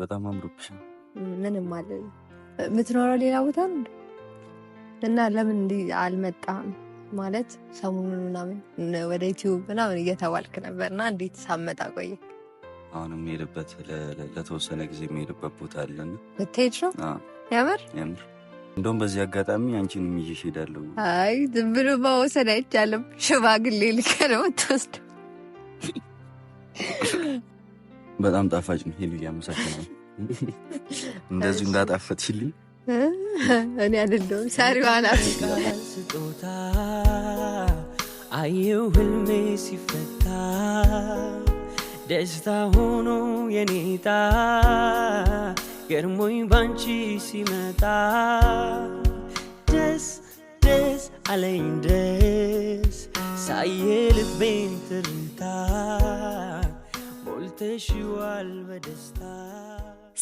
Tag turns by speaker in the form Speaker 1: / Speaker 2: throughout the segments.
Speaker 1: በጣም አምሮብሽ።
Speaker 2: ምንም አለ የምትኖረው ሌላ ቦታ ነው እና ለምን እንዲህ አልመጣም ማለት ሰሞኑን ምናምን ወደ ዩቲዩብ ምናምን እየተባልክ ነበር እና እንዴት ሳመጣ ቆየ።
Speaker 1: አሁን የምሄድበት ለተወሰነ ጊዜ የምሄድበት ቦታ አለን።
Speaker 2: ብትሄድ ነው ያምር
Speaker 1: ያምር። እንደውም በዚህ አጋጣሚ አንቺን ይዤሽ እሄዳለሁ።
Speaker 2: አይ ዝም ብሎ መውሰድ አይቻልም። ሽማግሌ ልከህ ነው የምትወስደው
Speaker 1: በጣም ጣፋጭ ነው። ሄሉ እያመሰገናል እንደዚሁ እንዳጣፈጥሽልኝ
Speaker 2: እኔ አይደለሁም ሰሪዋን ስጦታ አየው ህልሜ ሲፈታ ደስታ ሆኖ የኔታ ገርሞኝ ባንቺ ሲመጣ ደስ ደስ አለኝ ደስ ሳየ ልቤን ትርታ ሞልተሽዋል በደስታ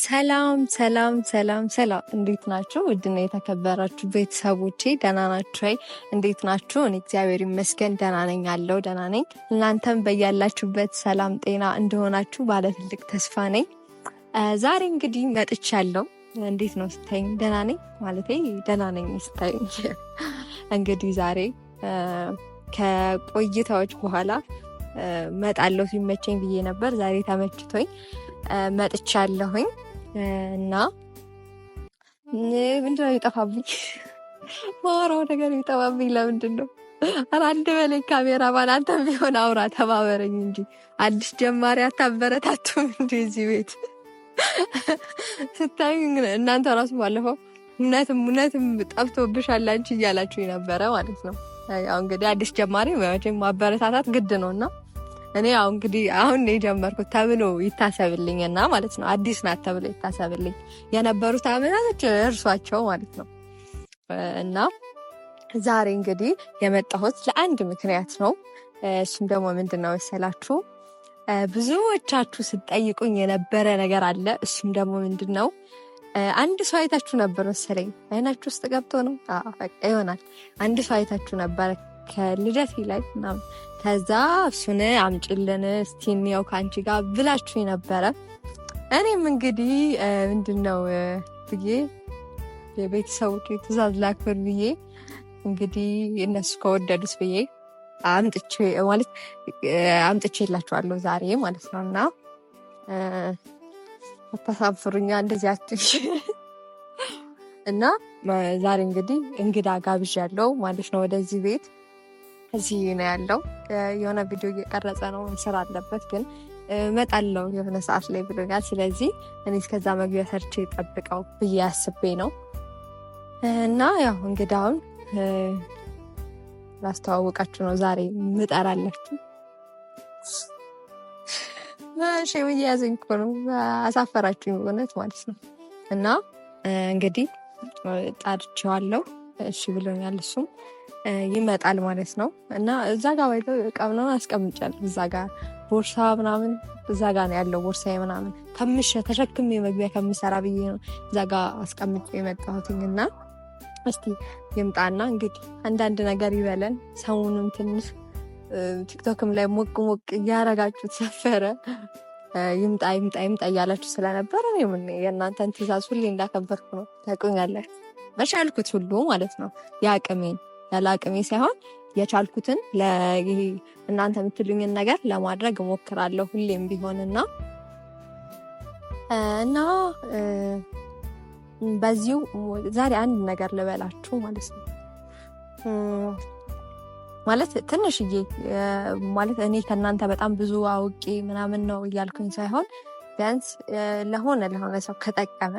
Speaker 2: ሰላም ሰላም ሰላም ሰላም፣ እንዴት ናችሁ? ውድና የተከበራችሁ ቤተሰቦቼ ደህና ናችሁ ወይ? እንዴት ናችሁ? እኔ እግዚአብሔር ይመስገን ደህና ነኝ፣ አለው ደህና ነኝ። እናንተም በያላችሁበት ሰላም ጤና እንደሆናችሁ ባለ ትልቅ ተስፋ ነኝ። ዛሬ እንግዲህ መጥቻለሁ። እንዴት ነው ስታይኝ? ደህና ነኝ ማለቴ ደህና ነኝ ስታይኝ። እንግዲህ ዛሬ ከቆይታዎች በኋላ መጣለሁ ሲመቸኝ ብዬ ነበር። ዛሬ ተመችቶኝ መጥቻለሁኝ እና ምንድን ነው ይጠፋብኝ? ማወራው ነገር ይጠፋብኝ። ለምንድን ነው አንድ በላይ ካሜራ ማን አንተም ቢሆን አውራ ተባበረኝ እንጂ አዲስ ጀማሪ አታበረታቱም እንዲ እዚህ ቤት ስታዩ እናንተ ራሱ ባለፈው እውነትም እውነትም ጠፍቶብሻል አንቺ እያላችሁ የነበረ ማለት ነው። ያው እንግዲህ አዲስ ጀማሪ ማበረታታት ግድ ነው እና እኔ ያው እንግዲህ አሁን የጀመርኩት ተብሎ ይታሰብልኝ እና ማለት ነው አዲስ ናት ተብሎ ይታሰብልኝ የነበሩት አመታቶች እርሷቸው ማለት ነው እና ዛሬ እንግዲህ የመጣሁት ለአንድ ምክንያት ነው። እሱም ደግሞ ምንድን ነው መሰላችሁ? ብዙዎቻችሁ ስትጠይቁኝ የነበረ ነገር አለ። እሱም ደግሞ ምንድን ነው አንድ ሰው አይታችሁ ነበር መሰለኝ፣ አይናችሁ ውስጥ ገብቶ ነው ይሆናል። አንድ ሰው አይታችሁ ነበረ ከልደት ላይ ምናምን። ከዛ እሱን አምጭልን እስቲ እንየው ከአንቺ ጋር ብላችሁ ነበረ። እኔም እንግዲህ ምንድን ነው ብዬ የቤተሰቡ ትእዛዝ ላክብር ብዬ እንግዲህ እነሱ ከወደዱት ብዬ አምጥቼ ማለት አምጥቼ የላችኋለሁ ዛሬ ማለት ነው እና አታሳፍሩኛ እንደዚያችን እና ዛሬ እንግዲህ እንግዳ ጋብዣ ያለው ማለት ነው ወደዚህ ቤት እዚህ ነው ያለው። የሆነ ቪዲዮ እየቀረጸ ነው ስራ አለበት፣ ግን እመጣለሁ የሆነ ሰዓት ላይ ብሎኛል። ስለዚህ እኔ እስከዛ መግቢያ ሰርቼ ጠብቀው ብዬ አስቤ ነው እና ያው እንግዳውን ላስተዋወቃችሁ ነው ዛሬ ምጠራለችው ሼም እየያዘኝ እኮ ነው። አሳፈራችሁኝ እውነት ማለት ነው። እና እንግዲህ ጣርቼዋለሁ። እሺ ብሎኛል። እሱም ይመጣል ማለት ነው። እና እዛ ጋ ባይተው እቃ ምናምን አስቀምጫለሁ። እዛ ጋ ቦርሳ ምናምን እዛ ጋ ነው ያለው ቦርሳ ምናምን ከምሸ ተሸክሜ መግቢያ ከምሰራ ብዬ ነው እዛ ጋ አስቀምጭ የመጣሁትኝ እና እስቲ ይምጣና እንግዲህ አንዳንድ ነገር ይበለን ሰሙንም ትንሽ ቲክቶክም ላይ ሞቅ ሞቅ እያረጋችሁት ሰፈረ ይምጣ ይምጣ ይምጣ እያላችሁ ስለነበረ የእናንተን ትእዛዝ ሁሌ እንዳከበርኩ ነው። ታውቁኛለህ። በቻልኩት ሁሉ ማለት ነው የአቅሜን ያለ አቅሜ ሳይሆን የቻልኩትን እናንተ የምትሉኝን ነገር ለማድረግ እሞክራለሁ ሁሌም እና እና በዚሁ ዛሬ አንድ ነገር ልበላችሁ ማለት ነው ማለት ትንሽዬ ማለት እኔ ከእናንተ በጣም ብዙ አውቄ ምናምን ነው እያልኩኝ ሳይሆን ቢያንስ ለሆነ ለሆነ ሰው ከጠቀመ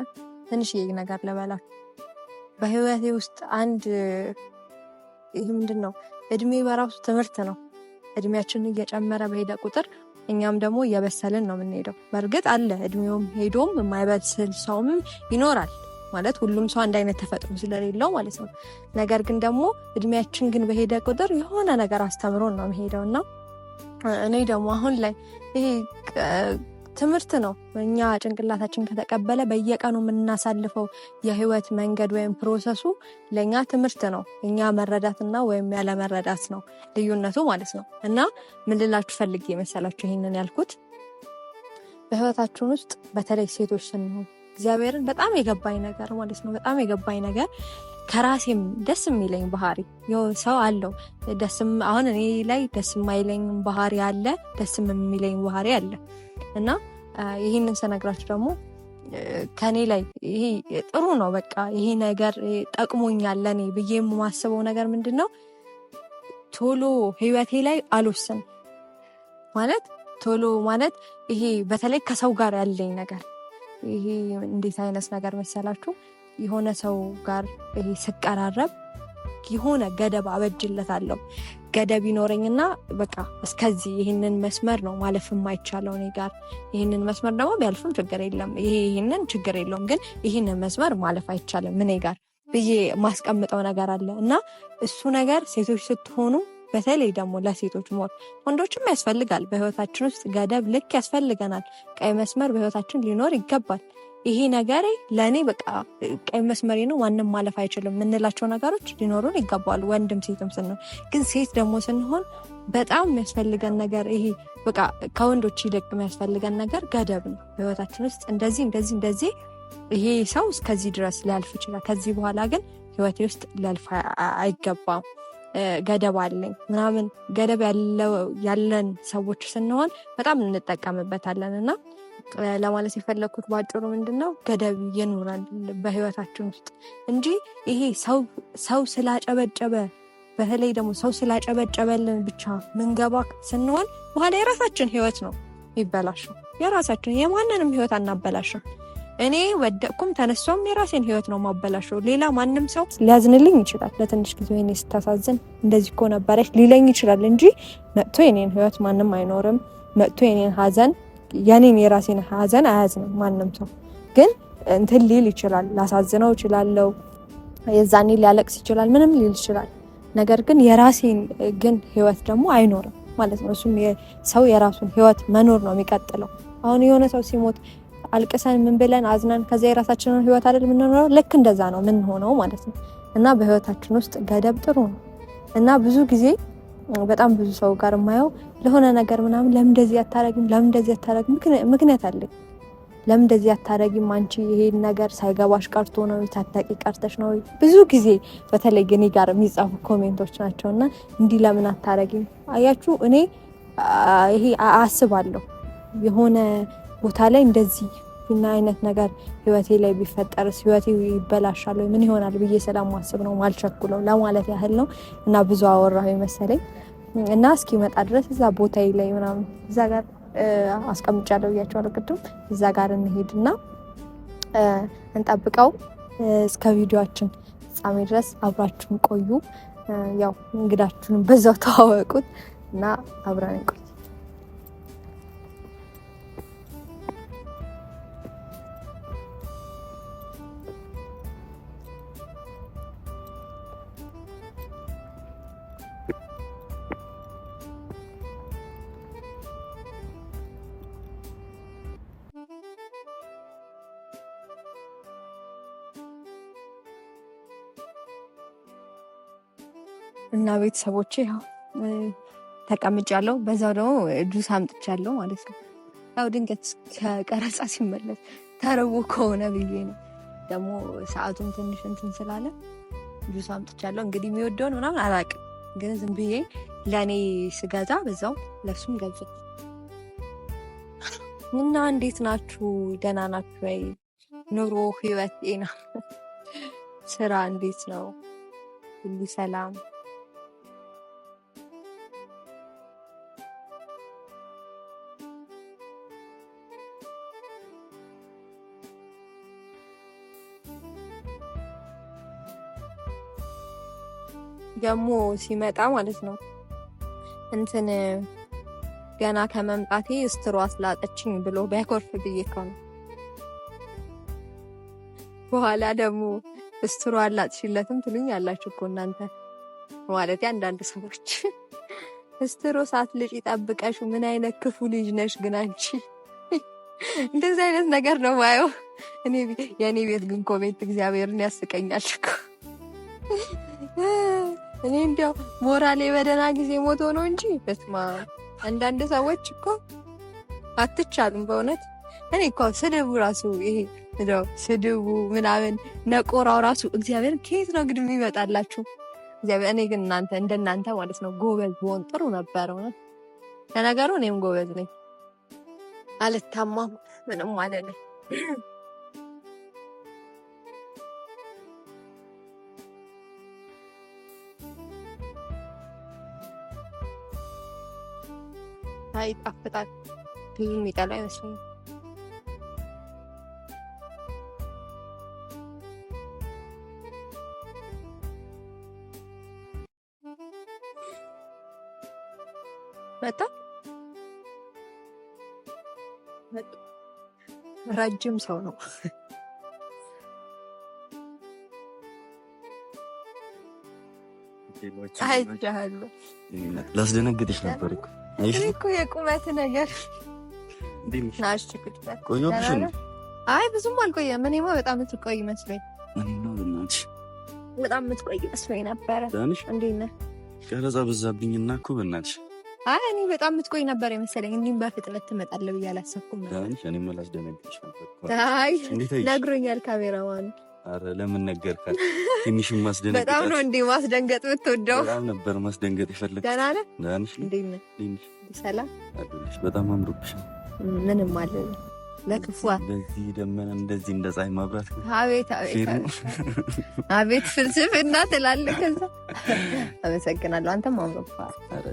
Speaker 2: ትንሽዬ ነገር ልበላት። በህይወቴ ውስጥ አንድ ይህ ምንድን ነው እድሜ በራሱ ትምህርት ነው። እድሜያችን እየጨመረ በሄደ ቁጥር እኛም ደግሞ እየበሰልን ነው የምንሄደው። በእርግጥ አለ እድሜውም ሄዶም የማይበስል ሰውም ይኖራል። ማለት ሁሉም ሰው አንድ አይነት ተፈጥሮ ስለሌለው ማለት ነው። ነገር ግን ደግሞ እድሜያችን ግን በሄደ ቁጥር የሆነ ነገር አስተምሮን ነው የሚሄደው እና እኔ ደግሞ አሁን ላይ ይሄ ትምህርት ነው። እኛ ጭንቅላታችን ከተቀበለ በየቀኑ የምናሳልፈው የህይወት መንገድ ወይም ፕሮሰሱ ለእኛ ትምህርት ነው። እኛ መረዳትና ወይም ያለ መረዳት ነው ልዩነቱ ማለት ነው። እና ምን ልላችሁ ፈልጌ መሰላችሁ ይሄንን ያልኩት በህይወታችን ውስጥ በተለይ ሴቶች ስንሆን እግዚአብሔርን በጣም የገባኝ ነገር ማለት ነው። በጣም የገባኝ ነገር ከራሴም ደስ የሚለኝ ባህሪ ሰው አለው። ደስም አሁን እኔ ላይ ደስ የማይለኝ ባህሪ አለ፣ ደስም የሚለኝ ባህሪ አለ እና ይህንን ስነግራችሁ ደግሞ ከኔ ላይ ይሄ ጥሩ ነው፣ በቃ ይሄ ነገር ጠቅሞኛል ለኔ ብዬ የማስበው ነገር ምንድን ነው? ቶሎ ህይወቴ ላይ አልወስን ማለት ቶሎ ማለት ይሄ በተለይ ከሰው ጋር ያለኝ ነገር ይሄ እንዴት አይነት ነገር መሰላችሁ? የሆነ ሰው ጋር ይሄ ስቀራረብ የሆነ ገደብ አበጅለታለሁ። ገደብ ይኖረኝና በቃ እስከዚህ ይህንን መስመር ነው ማለፍ የማይቻለው እኔ ጋር ይህንን መስመር ደግሞ ቢያልፍም ችግር የለም ይሄ ይህንን ችግር የለውም፣ ግን ይህንን መስመር ማለፍ አይቻልም እኔ ጋር ብዬ ማስቀምጠው ነገር አለ እና እሱ ነገር ሴቶች ስትሆኑ በተለይ ደግሞ ለሴቶች ሞር ወንዶችም ያስፈልጋል። በህይወታችን ውስጥ ገደብ ልክ ያስፈልገናል። ቀይ መስመር በህይወታችን ሊኖር ይገባል። ይሄ ነገሬ ለእኔ በቃ ቀይ መስመሬ ነው፣ ማንም ማለፍ አይችልም የምንላቸው ነገሮች ሊኖሩን ይገባሉ። ወንድም ሴትም ስንሆን ግን ሴት ደግሞ ስንሆን በጣም የሚያስፈልገን ነገር ይሄ በቃ ከወንዶች ይልቅ የሚያስፈልገን ነገር ገደብ ነው። በህይወታችን ውስጥ እንደዚህ እንደዚህ እንደዚህ ይሄ ሰው እስከዚህ ድረስ ሊያልፍ ይችላል፣ ከዚህ በኋላ ግን ህይወቴ ውስጥ ሊያልፍ አይገባም። ገደብ አለኝ ምናምን ገደብ ያለን ሰዎች ስንሆን በጣም እንጠቀምበታለን እና ለማለት የፈለግኩት በአጭሩ ምንድን ነው ገደብ ይኑራል በህይወታችን ውስጥ እንጂ ይሄ ሰው ስላጨበጨበ በተለይ ደግሞ ሰው ስላጨበጨበልን ብቻ ምንገባ ስንሆን በኋላ የራሳችን ህይወት ነው የሚበላሸው። የራሳችን የማንንም ህይወት አናበላሽም። እኔ ወደቅኩም ተነሳውም የራሴን ህይወት ነው ማበላሸው። ሌላ ማንም ሰው ሊያዝንልኝ ይችላል። ለትንሽ ጊዜ ወይኔ ስታሳዝን እንደዚህ እኮ ነበረች ሊለኝ ይችላል እንጂ መጥቶ የኔን ህይወት ማንም አይኖርም። መጥቶ የኔን ሀዘን የኔን የራሴን ሀዘን አያዝንም ማንም ሰው። ግን እንትን ሊል ይችላል፣ ላሳዝነው ይችላለው፣ የዛኔ ሊያለቅስ ይችላል፣ ምንም ሊል ይችላል። ነገር ግን የራሴን ግን ህይወት ደግሞ አይኖርም ማለት ነው። እሱም ሰው የራሱን ህይወት መኖር ነው የሚቀጥለው። አሁን የሆነ ሰው ሲሞት አልቅሰን ምን ብለን አዝነን ከዚያ የራሳችንን ህይወት አይደል የምንኖረው። ልክ እንደዛ ነው ምን ሆነው ማለት ነው። እና በህይወታችን ውስጥ ገደብ ጥሩ ነው እና ብዙ ጊዜ በጣም ብዙ ሰው ጋር የማየው ለሆነ ነገር ምናምን ለምን እንደዚህ አታረጊም፣ ለምን እንደዚህ አታረጊም፣ ምክንያት አለኝ ለምን እንደዚህ አታረጊም አንቺ ይሄን ነገር ሳይገባሽ ቀርቶ ነው ታጠቂ ቀርተሽ ነው። ብዙ ጊዜ በተለይ እኔ ጋር የሚጻፉ ኮሜንቶች ናቸው እና እንዲህ ለምን አታረጊም። አያችሁ እኔ ይሄ አስባለሁ የሆነ ቦታ ላይ እንደዚህ እና አይነት ነገር ህይወቴ ላይ ቢፈጠርስ ህይወቴ ይበላሻል ወይ ምን ይሆናል ብዬ ስለማስብ ነው ማልቸኩለው ለማለት ያህል ነው። እና ብዙ አወራሁ መሰለኝ እና እስኪመጣ ድረስ እዛ ቦታ ላይ ምናምን እዛ ጋር አስቀምጫለሁ ብያቸዋለሁ ቅድም። እዛ ጋር እና እንጠብቀው። እስከ ቪዲዮችን ፍጻሜ ድረስ አብራችሁን ቆዩ። ያው እንግዳችሁን በዛው ተዋወቁት እና አብረን እንቆይ። እና ቤተሰቦቼ ተቀምጫለሁ። በዛው ደግሞ ጁስ አምጥቻለሁ ማለት ነው። ያው ድንገት ከቀረጻ ሲመለስ ተርቦ ከሆነ ብዬ ነው። ደግሞ ሰዓቱም ትንሽ እንትን ስላለ ጁስ አምጥቻለሁ። እንግዲህ የሚወደውን ምናምን አላውቅም፣ ግን ዝም ብዬ ለእኔ ስገዛ በዛው ለሱም ገዝ እና እንዴት ናችሁ? ደህና ናችሁ ወይ? ኑሮ፣ ህይወት፣ ጤና፣ ስራ እንዴት ነው? ሁሉ ሰላም ደግሞ ሲመጣ ማለት ነው እንትን ገና ከመምጣቴ እስትሮ አስላጠችኝ ብሎ ቢያኮርፍ ብዬ ነው። በኋላ ደግሞ እስትሮ አላጥሽለትም ትሉኝ ያላችሁ እኮ እናንተ ማለት አንዳንድ ሰዎች እስትሮ ልጭ ጠብቀሽ ምን አይነት ክፉ ልጅ ነሽ ግን አንቺ። እንደዚህ አይነት ነገር ነው ማየው። የእኔ ቤት ግን ኮሜንት እግዚአብሔርን ያስቀኛል እኮ እኔ እንዲያው ሞራሌ በደህና ጊዜ ሞቶ ነው እንጂ በስማ አንዳንድ ሰዎች እኮ አትቻሉም በእውነት እኔ እኮ ስድቡ ራሱ ይሄ እንደው ስድቡ ምናምን ነቆራው ራሱ እግዚአብሔር ከየት ነው ግድም ይመጣላችሁ እግዚአብሔር እኔ ግን እናንተ እንደናንተ ማለት ነው ጎበዝ በሆን ጥሩ ነበር እውነት ለነገሩ እኔም ጎበዝ ነኝ አልታማም ምንም አለልኝ ይጣፍጣል። ብዙ የሚጠሉ አይመስለኝም። መጣ ረጅም ሰው ነው። አይቻለሁ።
Speaker 1: ላስደነግጥሽ ነበር እኮ
Speaker 2: እኮ የቁመት ነገር አይ ብዙም አልቆየም። እኔማ በጣም የምትቆይ መስሎኝ በጣም የምትቆይ መስሎኝ ነበረ። እንዴት ነህ?
Speaker 1: ቀረጻ በዛብኝና እኮ በእናትሽ።
Speaker 2: አይ እኔ በጣም የምትቆይ ነበር የመሰለኝ። እንዲህም በፍጥነት ትመጣለህ ብዬ አላሰብኩም። ነግሮኛል ካሜራማኑ።
Speaker 1: ለምን ነገርካት? ትንሽ ማስደንገጥ
Speaker 2: በጣም ነው እንዴ! ማስደንገጥ ብትወደው በጣም
Speaker 1: ነበር ማስደንገጥ የፈለግ። ደህና ነህ? ደህና ነሽ? ሰላም በጣም አምሮብሽ።
Speaker 2: ምንም አለ ለክፉ
Speaker 1: እንደዚህ ደመና እንደዚህ እንደ ፀሐይ ማብራት።
Speaker 2: አቤት አቤት አቤት ፍልስፍና ትላለህ። ከዛ አመሰግናለሁ። አንተም አምሮብሃል።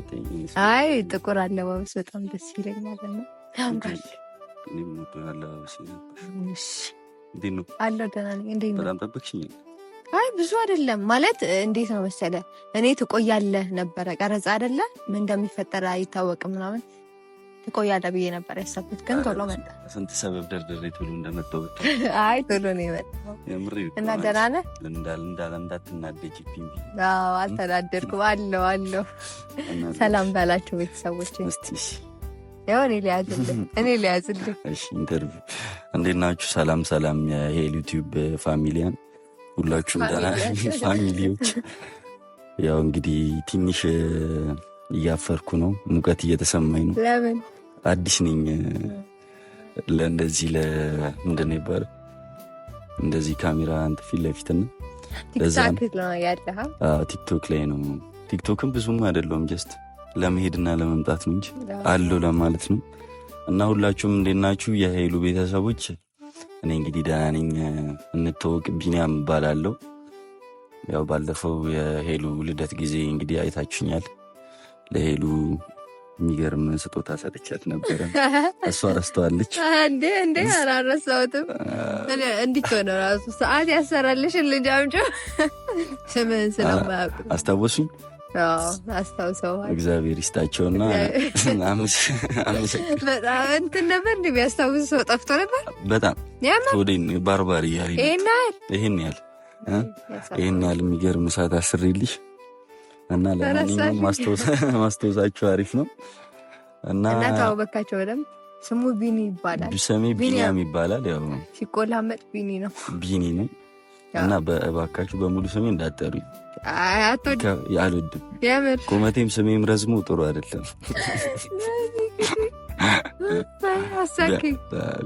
Speaker 2: አይ ጥቁር አለባበስ በጣም ደስ ይለኛል። እና ያምራል።
Speaker 1: እኔም አለባበስ ነው። እንዴት ነው?
Speaker 2: አለሁ ደህና ነኝ። እንዴት ነው?
Speaker 1: በጣም ጠበቅሽኝ።
Speaker 2: አይ ብዙ አይደለም ማለት እንዴት ነው መሰለ፣ እኔ ትቆያለህ ነበረ ቀረጻ አይደለ ምን እንደሚፈጠር አይታወቅም ምናምን ትቆያለህ ብዬ ነበር ያሰብኩት፣ ግን ቶሎ መጣ።
Speaker 1: ስንት ሰበብ ደርድሬ ቶሎ እንደመጣሁ
Speaker 2: አይ ቶሎ ነው የመጣው እና ደህና ነህ
Speaker 1: እንዳለ እንዳትናደጅብኝ።
Speaker 2: አልተናደድኩም አለው አለው። ሰላም ባላችሁ ቤተሰቦች ያው እኔ ሊያዝልህ እኔ ሊያዝልህ።
Speaker 1: እሺ ኢንተርቪው እንዴት ናችሁ? ሰላም ሰላም የሄል ዩቲዩብ ፋሚሊያን ሁላችሁም ደህና ፋሚሊዎች። ያው እንግዲህ ትንሽ እያፈርኩ ነው፣ ሙቀት እየተሰማኝ ነው። አዲስ ነኝ ለእንደዚህ ለምንድን ነው እንደዚህ ካሜራ አንተ ፊት ለፊት ቲክቶክ ላይ ነው። ቲክቶክን ብዙም አይደለውም ጀስት ለመሄድና ለመምጣት ነው እንጂ አለው ለማለት ነው። እና ሁላችሁም እንዴት ናችሁ የሀይሉ ቤተሰቦች? እኔ እንግዲህ ደህና ነኝ። እንተወቅ ቢኒያም እባላለሁ። ያው ባለፈው የሄሉ ልደት ጊዜ እንግዲህ አይታችኛል። ለሄሉ የሚገርም ስጦታ ሰጥቻት ነበረ። እሷ ረስተዋለች
Speaker 2: እንዴ? እንዴ አላረሳሁትም። እንዲት ሆነ ራሱ ሰዓት ያሰራልሽን ልጃምጮ አምጪው ስምህን ስለማያውቅ አስታወሱኝ። አስታውሰዋል።
Speaker 1: እግዚአብሔር ይስጣቸውና
Speaker 2: በጣም እንትን ነበር እንደ የሚያስታውስ ሰው ጠፍቶ ነበር።
Speaker 1: በጣም ወዴን ባርባሪ ያህል ይህን ያህል ይህን ያህል የሚገርም ሰዓት አስሬልሽ እና ለማንኛውም ማስታወሳችሁ አሪፍ ነው
Speaker 2: እና ታወበካቸው በደምብ ስሙ ቢኒ ይባላል።
Speaker 1: ስሜ ቢኒያም ይባላል። ያው
Speaker 2: ሲቆላመጥ ቢኒ ነው
Speaker 1: ቢኒ ነው። እና በእባካችሁ በሙሉ ስሜ እንዳጠሩ አልወድም። ቁመቴም ስሜም ረዝሞ ጥሩ አይደለም።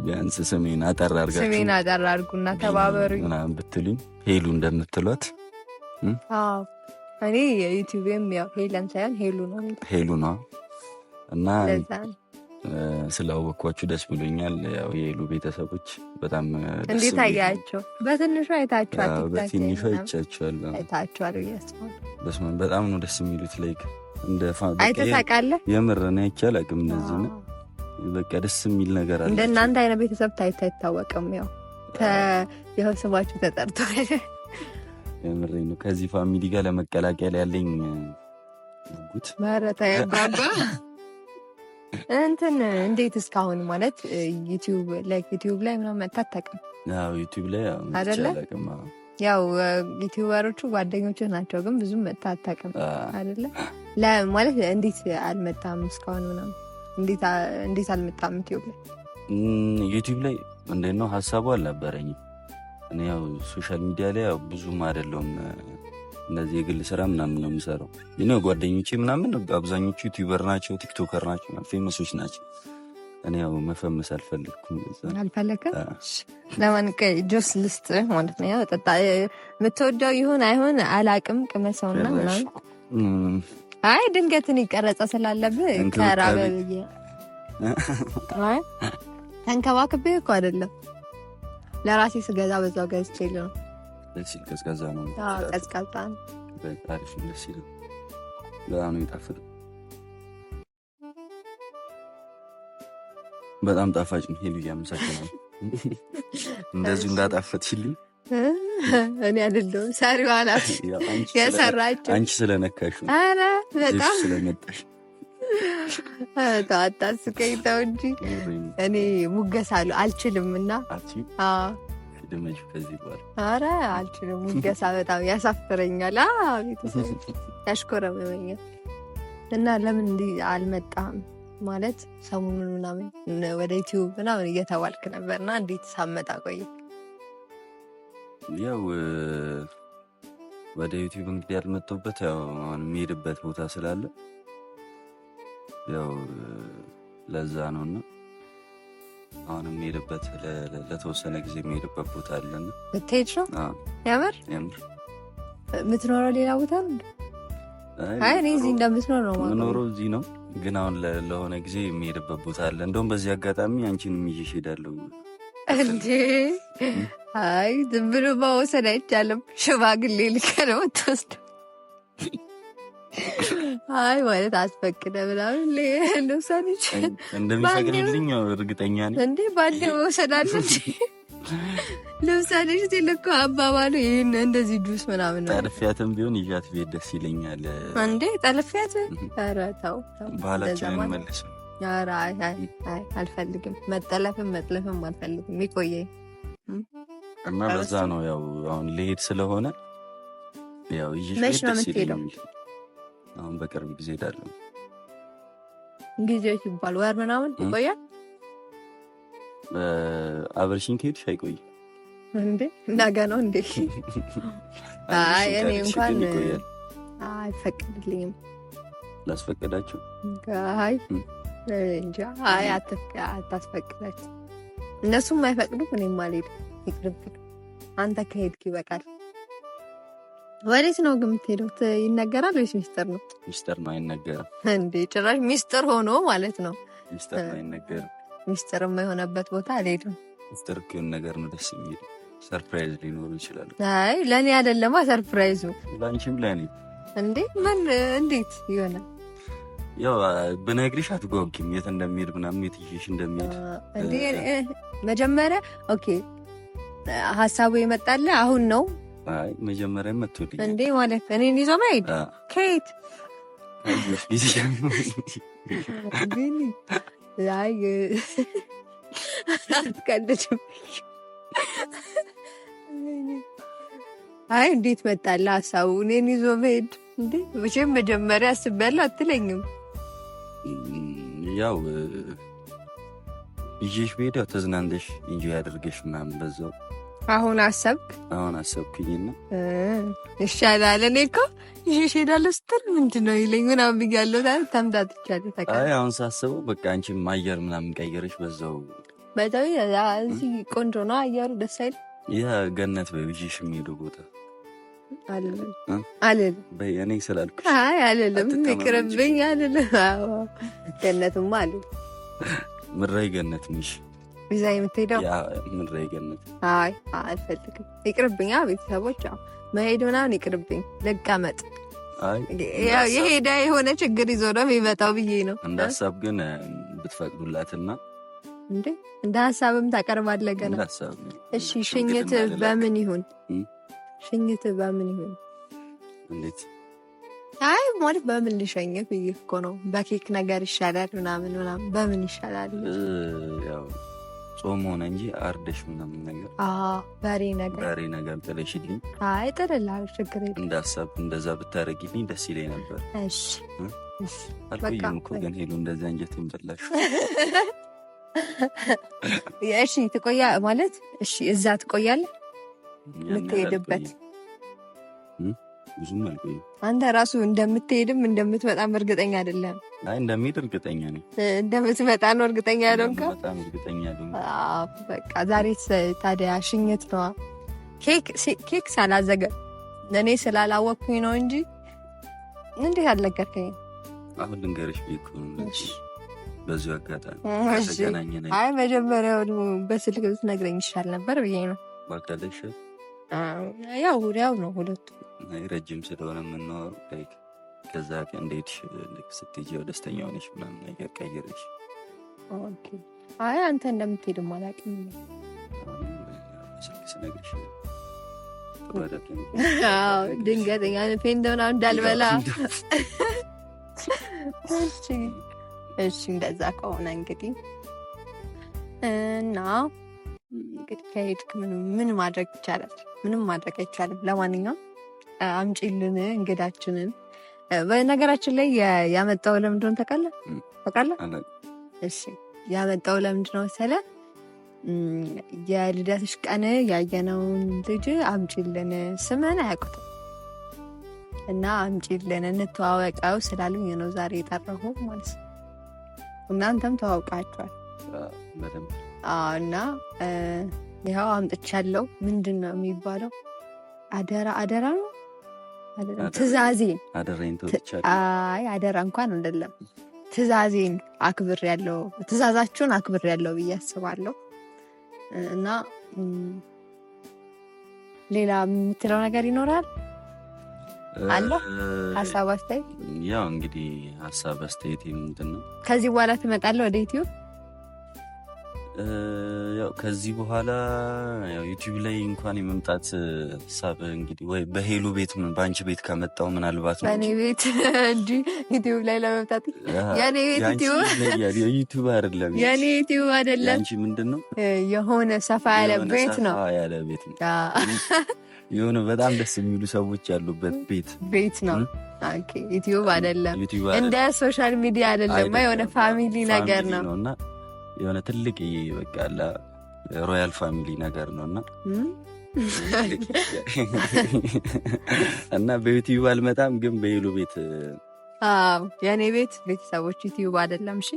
Speaker 1: ቢያንስ ስሜን አጠር አድርጋችሁ
Speaker 2: ስሜን አጠር አድርጉና ተባበሩኝ
Speaker 1: ምናምን ብትሉኝ ሄሉ እንደምትሏት
Speaker 2: እኔ የዩቲዩብም ያው ሄለን ሳይሆን ሄሉ ነው
Speaker 1: ሄሉ ነው እና ስላወቅኳችሁ ደስ ብሎኛል። ያው የሉ ቤተሰቦች በጣም
Speaker 2: እንዴት አያቸው? በትንሹ አይታችኋል?
Speaker 1: በትንሹ አይቻችኋለሁ። አይታችኋል? በጣም ነው ደስ የሚሉት። ላይክ እንደ
Speaker 2: አይተሳቃለ
Speaker 1: የምር ነው አይቻል አቅም እንደዚህ ነው። በቃ ደስ የሚል ነገር አለ።
Speaker 2: እንደ እናንተ አይነት ቤተሰብ ታይታ አይታወቅም። ያው ያው ስማችሁ ተጠርቷል።
Speaker 1: የምር ነው። ከዚህ ፋሚሊ ጋር ለመቀላቀል ያለኝ
Speaker 2: ጉጉት መረታ ያባባ እንትን እንዴት እስካሁን ማለት ዩቲዩብ ላይ ዩቲዩብ ላይ ምናምን አታውቅም?
Speaker 1: አዎ ዩቲዩብ ላይ
Speaker 2: አይደለ? ያው ዩቲዩበሮቹ ጓደኞች ናቸው፣ ግን ብዙም መጥታ አደለ ማለት እንዴት አልመጣም እስካሁን ምናምን? እንዴት አልመጣም ዩቲዩብ ላይ?
Speaker 1: ዩቲዩብ ላይ እንዴት ነው ሀሳቡ አልነበረኝም። እኔ ያው ሶሻል ሚዲያ ላይ ያው ብዙም አይደለውም እንደዚህ የግል ስራ ምናምን ነው የምሰራው። ይነ ጓደኞቼ ምናምን አብዛኞቹ ዩቲዩበር ናቸው፣ ቲክቶከር ናቸው፣ ፌመሶች ናቸው። እኔ ያው መፈመስ አልፈለግኩም።
Speaker 2: አልፈለግም ጆስ ልስጥ ማለት ነው። ጠጣ የምትወደው ይሁን አይሁን አላቅም። ቅመሰውና አይ ድንገትን ይቀረጸ ስላለብህ ከራበ ብዬ ተንከባክቤ እኮ አይደለም ለራሴ ስገዛ በዛው ገዝቼ ነው
Speaker 1: ደስ ይል ቀዝቃዛ ነው። ቀዝቃዛ አሪፍ ደስ ይል በጣም ነው የሚጣፍጥ። በጣም ጣፋጭ ነው። ሄሉ እያመሳከለ ነው እንደዚሁ እንዳጣፈጥሽልኝ
Speaker 2: እኔ አይደለሁም ሰሪዋ ናት የሰራችው።
Speaker 1: አንቺ ስለነካሽ በጣም ስለመጣሽ
Speaker 2: አታስቀኝ ተው እንጂ እኔ ሙገሳሉ አልችልም እና
Speaker 1: ልመጅ ከዚህ ጋር
Speaker 2: አረ አልችልም። ሙገሳ በጣም ያሳፍረኛል። ቤተሰብ ያሽኮረመመኛል። እና ለምን እንዲህ አልመጣም ማለት ሰሞኑን ምናምን ወደ ዩቲዩብ ምናምን እየተባልክ ነበር እና እንዴት ሳመጣ ቆየ?
Speaker 1: ያው ወደ ዩቲዩብ እንግዲህ ያልመጣሁበት ያው አሁን የሚሄድበት ቦታ ስላለ ያው ለዛ ነው እና አሁን የሚሄድበት ለተወሰነ ጊዜ የሚሄድበት ቦታ አለን። ብትሄድ ነው ያምር ያምር።
Speaker 2: የምትኖረው ሌላ ቦታ ነው? አይ እኔ እዚህ እንደምትኖር ነው
Speaker 1: የምኖረው እዚህ ነው፣ ግን አሁን ለሆነ ጊዜ የሚሄድበት ቦታ አለ። እንደውም በዚህ አጋጣሚ አንቺን ይዤሽ እሄዳለሁ።
Speaker 2: እንዴ አይ ዝም ብሎ መወሰን አይቻልም። ሽማግሌ ልከ ነው የምትወስደው አይ ማለት አስፈቅደ ምናምን እንደውሳኔች
Speaker 1: እንደሚፈቅድልኝ እርግጠኛ ነኝ።
Speaker 2: እንዴ ባንዴ መውሰድ አለ እንዴ? ለምሳሌ ልኮ አባባሉ ይህን እንደዚህ ጁስ ምናምን
Speaker 1: ጠልፊያትም ቢሆን ይዣት ቤት ደስ ይለኛል።
Speaker 2: እንዴ ጠልፊያት ኧረ
Speaker 1: ባህላችንን መለስ።
Speaker 2: አልፈልግም፣ መጠለፍም መጥለፍም አልፈልግም። ይቆየ
Speaker 1: እና በዛ ነው ያው አሁን ልሄድ ስለሆነ ያው ይዤ ቤት ደስ ይለኛል። አሁን በቅርብ ጊዜ ሄዳለሁ።
Speaker 2: ጊዜ ሲባል ወር ምናምን ይቆያል።
Speaker 1: አብርሽን ከሄድሽ አይቆይም
Speaker 2: እንዴ? ነገ ነው እንዴ? አይ እኔ እንኳን አይፈቅድልኝም።
Speaker 1: ላስፈቅዳችሁ?
Speaker 2: አይ እንጃ። አይ አታስፈቅዳችሁ። እነሱም አይፈቅዱም፣ እኔም አልሄድም። ይቅርብ፣ አንተ ከሄድክ ይበቃል። ወዴት ነው ግን የምትሄዱት? ይነገራል ወይስ ሚስጥር ነው?
Speaker 1: ሚስጥር ነው፣ አይነገርም።
Speaker 2: እንዴ ጭራሽ ሚስጥር ሆኖ ማለት ነው።
Speaker 1: ሚስጥር ነው፣ አይነገርም።
Speaker 2: ሚስጥር የሆነበት ቦታ አልሄድም።
Speaker 1: ሚስጥር ግን ነገር ነው ደስ የሚል ሰርፕራይዝ ሊኖሩ ይችላል።
Speaker 2: አይ ለእኔ አይደለማ ሰርፕራይዙ፣ ለአንቺም ለእኔ። እንዴ ምን እንዴት ይሆናል?
Speaker 1: ያው ብነግሪሽ አትጓጉም፣ የት እንደሚሄድ ምናምን የትይሽ እንደሚሄድ
Speaker 2: እንዴ። መጀመሪያ ኦኬ ሀሳቡ የመጣልህ አሁን ነው
Speaker 1: አይ መጀመሪያ መጥቶልኝ
Speaker 2: እንዴ ማለት እኔ ይዞ መሄድ ከየት አይ አትቀልድም። አይ እንዴት መጣላ ሀሳቡ እኔን ይዞ መሄድ እንዴ? መቼም መጀመሪያ አስቤያለሁ አትለኝም።
Speaker 1: ያው ይዤሽ ብሄድ ያው ተዝናንደሽ እንጂ ያደርገሽ ምናምን በዛው
Speaker 2: አሁን አሰብክ?
Speaker 1: አሁን አሰብክኝና
Speaker 2: ይሻላል። እኔ እኮ ይሸሽ ሄዳለሁ ስትል ምንድን ነው ይለኝ ምናምን ብያለሁ። ተምታትቻለሁ።
Speaker 1: አይ አሁን ሳስበው በቃ አንቺ አየር ምናምን ቀየረች በዛው
Speaker 2: በጣም እዚህ ቆንጆ ነው አየሩ፣ ደስ አይል።
Speaker 1: ይህ ገነት በብዥሽ የሚሄዱ ቦታ አልልም እኔ ስላልኩሽ
Speaker 2: አልልም፣ ይቅርብኝ አልልም። ገነትማ አልልም
Speaker 1: ምድራዊ ገነት ምሽ
Speaker 2: ይዛ የምትሄደው
Speaker 1: ምድረ ገነት።
Speaker 2: አይ አልፈልግም፣ ይቅርብኝ። ቤተሰቦች መሄድ ምናምን ይቅርብኝ፣ ልቀመጥ። የሄዳ የሆነ ችግር ይዞ ነው የሚመጣው ብዬ ነው።
Speaker 1: እንደ ሀሳብ ግን ብትፈቅዱላትና
Speaker 2: እንዴ እንደ ሀሳብም ታቀርባለህ ገና። እሺ ሽኝት በምን ይሁን? ሽኝት በምን ይሁን? እንዴት? አይ ማለት በምን ልሸኝት ብዬሽ እኮ ነው። በኬክ ነገር ይሻላል ምናምን ምናምን። በምን ይሻላል
Speaker 1: ያው ጾም ሆነ እንጂ አርደሽ ምናምን ነገር በሬ ነገር በሬ ነገር ጥለሽልኝ።
Speaker 2: አይ ችግር የለም።
Speaker 1: እንደዛ ብታደርጊልኝ ደስ ይለኝ ነበር። እሺ እኮ ግን ሄሉ እንደዛ እንጀት የምጠላሽ።
Speaker 2: እሺ ትቆያ ማለት እሺ፣ እዛ ትቆያለ የምትሄድበት
Speaker 1: ብዙም አልቆይም።
Speaker 2: አንተ ራሱ እንደምትሄድም እንደምትመጣም እርግጠኛ አይደለም።
Speaker 1: አይ እንደምሄድ እርግጠኛ ነኝ።
Speaker 2: እንደምትመጣ ነው እርግጠኛ ያለውን
Speaker 1: በጣም እርግጠኛ
Speaker 2: በቃ ዛሬ ታዲያ ሽኝት ነዋ። ኬክ ሳላዘገ እኔ ስላላወቅኩኝ ነው እንጂ እንዴት አልነገርከኝ?
Speaker 1: አሁን ልንገርሽ ቤት በዚሁ አጋጣሚ
Speaker 2: አይ መጀመሪያ በስልክ ብትነግረኝ ይሻል ነበር ብዬ ነው። ያው ያው ነው ሁለቱ
Speaker 1: ረጅም ስለሆነ የምናወሩ ከዛ እንዴት ስትጂ ደስተኛ ሆነች ምናምን ነገር ቀይረች።
Speaker 2: አይ አንተ እንደምትሄድ አላውቅም። ድንገተኛ ፔንደሆና እንዳልበላ እሺ፣ እንደዛ ከሆነ እንግዲህ እና እንግዲህ ከሄድክ ምን ማድረግ ይቻላል? ምንም ማድረግ አይቻልም። ለማንኛውም አምጪልን እንግዳችንን። በነገራችን ላይ ያመጣው ለምንድነው ታውቃለህ? ታውቃለህ?
Speaker 1: ያመጣው
Speaker 2: ያመጣው ለምንድነው መሰለህ? የልደትሽ ቀን ያየነውን ልጅ አምጪልን፣ ስምን አያውቁትም እና አምጪልን እንተዋወቀው ስላሉኝ ነው ዛሬ የጠራሁ ማለት ነው። እናንተም ተዋውቃችኋል እና ይኸው አምጥቻለሁ። ምንድን ነው የሚባለው? አደራ አደራ ነው ትእዛዜን አይ አደራ እንኳን አይደለም ትእዛዜን አክብር ያለው ትእዛዛችሁን አክብር ያለው ብዬ አስባለሁ። እና ሌላ የምትለው ነገር ይኖራል አለ ሀሳብ አስተያየት?
Speaker 1: ያው እንግዲህ ሀሳብ አስተያየት ምንድን ነው?
Speaker 2: ከዚህ በኋላ ትመጣለህ ወደ ኢትዮ
Speaker 1: ያው ከዚህ በኋላ ያው ዩቲዩብ ላይ እንኳን የመምጣት ሀሳብ እንግዲህ ወይ በሄሉ ቤት በአንቺ ቤት ከመጣው ምናልባት ነው በእኔ
Speaker 2: ቤት እንጂ ዩቲዩብ ላይ ለመምጣት የኔ ቤት
Speaker 1: ዩቲዩብ አይደለም፣
Speaker 2: የኔ ዩቲዩብ አይደለም።
Speaker 1: አንቺ ምንድን ነው
Speaker 2: የሆነ ሰፋ ያለ ቤት ነው
Speaker 1: ያለ ቤት ነው የሆነ በጣም ደስ የሚሉ ሰዎች ያሉበት ቤት
Speaker 2: ቤት ነው። ዩቲዩብ አይደለም፣ እንደ ሶሻል ሚዲያ አይደለም፣ የሆነ ፋሚሊ ነገር
Speaker 1: ነው እና የሆነ ትልቅ በቃ ሮያል ፋሚሊ ነገር ነው እና እና በዩቲዩብ አልመጣም፣ ግን በሄሉ ቤት
Speaker 2: የእኔ ቤት ቤተሰቦች ዩቲዩብ አይደለም። እሺ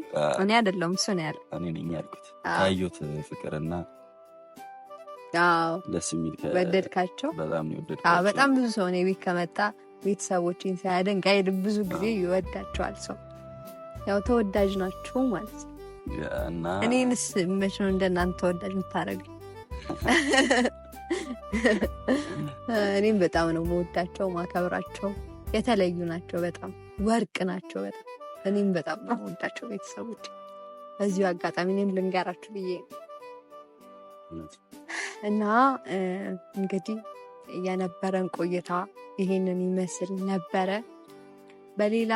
Speaker 2: እኔ አይደለም እሱ ነው ያለ
Speaker 1: እኔ ነኝ ያልኩት። ታዩት ፍቅርና ደስ የሚል
Speaker 2: ወደድካቸው?
Speaker 1: በጣም ወደድካቸው።
Speaker 2: በጣም ብዙ ሰው እኔ ቤት ከመጣ ቤተሰቦችን ሳያደንቅ አይሄድም። ብዙ ጊዜ ይወዳቸዋል ሰው ያው ተወዳጅ ናችሁ ማለት ነው። እና እኔንስ መቼ ነው እንደናንተ ተወዳጅ የምታደርገው? እኔም በጣም ነው መወዳቸው ማከብራቸው። የተለዩ ናቸው፣ በጣም ወርቅ ናቸው። በጣም እኔም በጣም ነው መወዳቸው ቤተሰቦች። በዚሁ አጋጣሚ እኔም ልንገራችሁ ብዬ እና እንግዲህ የነበረን ቆይታ ይሄንን ይመስል ነበረ። በሌላ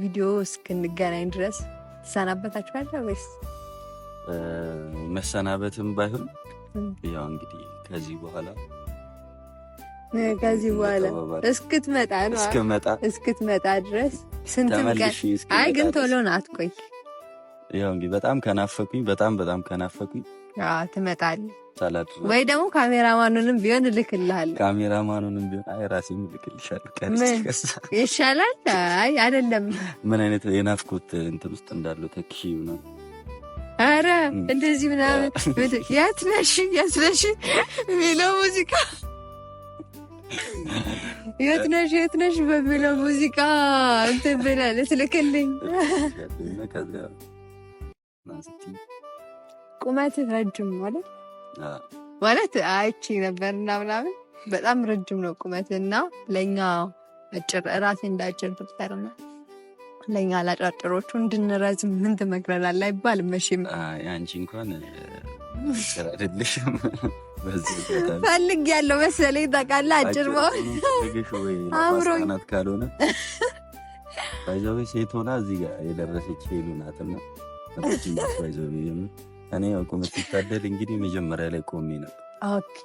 Speaker 2: ቪዲዮ እስክንገናኝ ድረስ ትሰናበታችኋለህ ወይስ? መሰናበትም ባይሆን ያው እንግዲህ ከዚህ በኋላ ከዚህ በኋላ እስክትመጣ ነው እስክመጣ እስክትመጣ ድረስ ስንት ቀን? አይ ግን ቶሎ ነው አትቆይ። ያው እንግዲህ በጣም ከናፈቁኝ በጣም በጣም ከናፈቁኝ ትመጣለህ ወይ ደግሞ ካሜራማኑንም ቢሆን እልክልሃለሁ። ካሜራማኑንም ቢሆን አይ ራሴም እልክልሻለሁ። ይሻላል። አይ አይደለም፣ ምን አይነት የናፍቆት እንትን ውስጥ እንዳለው ተክሺ ምናምን አረ እንደዚህ ምናምን ያትነሽ ያትነሽ የሚለው ሙዚቃ የትነሽ የትነሽ በሚለው ሙዚቃ እንትን ብላል ትልክልኝ። ቁመት ረጅም ማለት ማለት አይቼ ነበርና ምናምን በጣም ረጅም ነው ቁመት እና ለእኛ አጭር እራሴ እንዳጭር ብጠርና ለእኛ ላጫጭሮቹ እንድንረዝም ምን ትመክረናል? ላይ ባል መሽም አንቺ እንኳን አይደለሽም ፈልግ ያለው መሰለኝ ታውቃለህ። አጭር መሆን ካልሆነ ባይዘቤ ሴት ሆና እዚህ ጋር የደረሰች ሄሉ ናትና ባይዘቤ እኔ ቁመት ሲታደል እንግዲህ መጀመሪያ ላይ ቆሜ ነበር። ኦኬ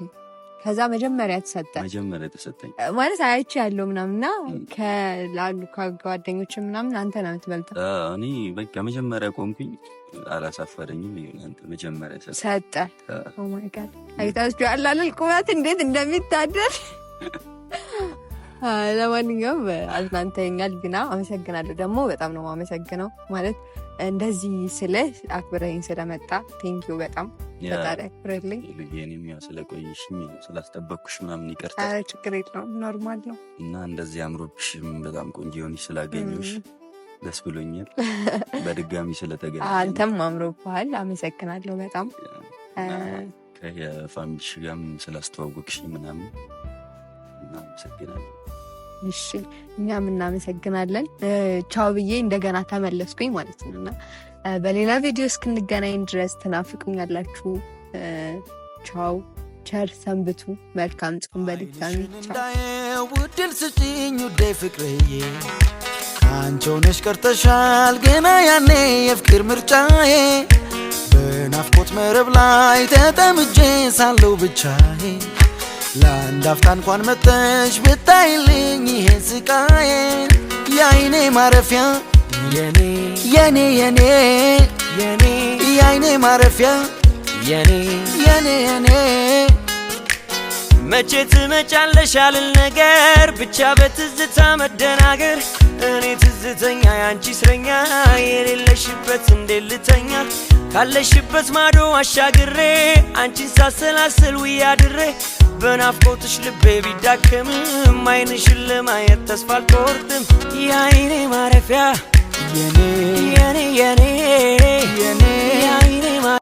Speaker 2: ከዛ መጀመሪያ ተሰጠ መጀመሪያ ተሰጠኝ ማለት አይቼ ያለው ምናምና ከላሉ ከጓደኞች ምናምን አንተ ነው ምትበልጠ እኔ በቃ መጀመሪያ ቆምኩኝ። አላሳፈረኝም። አንተ መጀመሪያ ሰጠ ሰጠ ኦማይ ጋድ አይታችሁ አላለል ቁመት እንዴት እንደሚታደል ለማንኛውም አዝናንተኛል ግና አመሰግናለሁ። ደግሞ በጣም ነው የማመሰግነው ማለት እንደዚህ ስለ አክብረኝ ስለመጣ ቴንኪዩ በጣም ፈጣሪ አክብረልኝ። ልጄንም ያው ስለቆይሽኝ ስላስጠበቅኩሽ ምናምን ይቅርታ። ችግር የለውም ኖርማል ነው እና እንደዚህ አምሮብሽም በጣም ቆንጆ የሆንሽ ስላገኘሽ ደስ ብሎኛል። በድጋሚ ስለተገኘ አንተም አምሮብሃል። አመሰግናለሁ በጣም ከፋሚሊሽ ጋርም ስላስተዋወቅሽ ምናምን እናመሰግናለን። እሺ እኛም እናመሰግናለን። ቻው ብዬ እንደገና ተመለስኩኝ ማለት ነው እና በሌላ ቪዲዮ እስክንገናኝ ድረስ ያላችሁ ቻው፣ ቸር ሰንብቱ። መልካም ጾም። በድጋሚ ውድል ስጭኝ ውዴ ፍቅርዬ አንቺ ቀርተሻል ገና ያኔ የፍቅር ምርጫዬ በናፍቆት መረብ ላይ ተጠምጄ ሳለው ብቻዬ ለአንድ አፍታ እንኳን መጠሽ ብታይልኝ ይሄ ስቃዬን የአይኔ ማረፊያ የኔ የኔ የኔ የኔ የአይኔ ማረፊያ የኔ የኔ የኔ መቼ ትመጫለሽ አልል ነገር ብቻ በትዝታ መደናገር እኔ ትዝተኛ ያንቺ እስረኛ የሌለሽበት እንዴት ልተኛ ካለሽበት ማዶ አሻግሬ አንቺን ሳሰላስል ውያድሬ በናፍቆትሽ ልቤ ቢዳከምም አይንሽን ለማየት ተስፋ አልቆርጥም የአይኔ ማረፊያ የኔ የኔ የኔ የኔ የአይኔ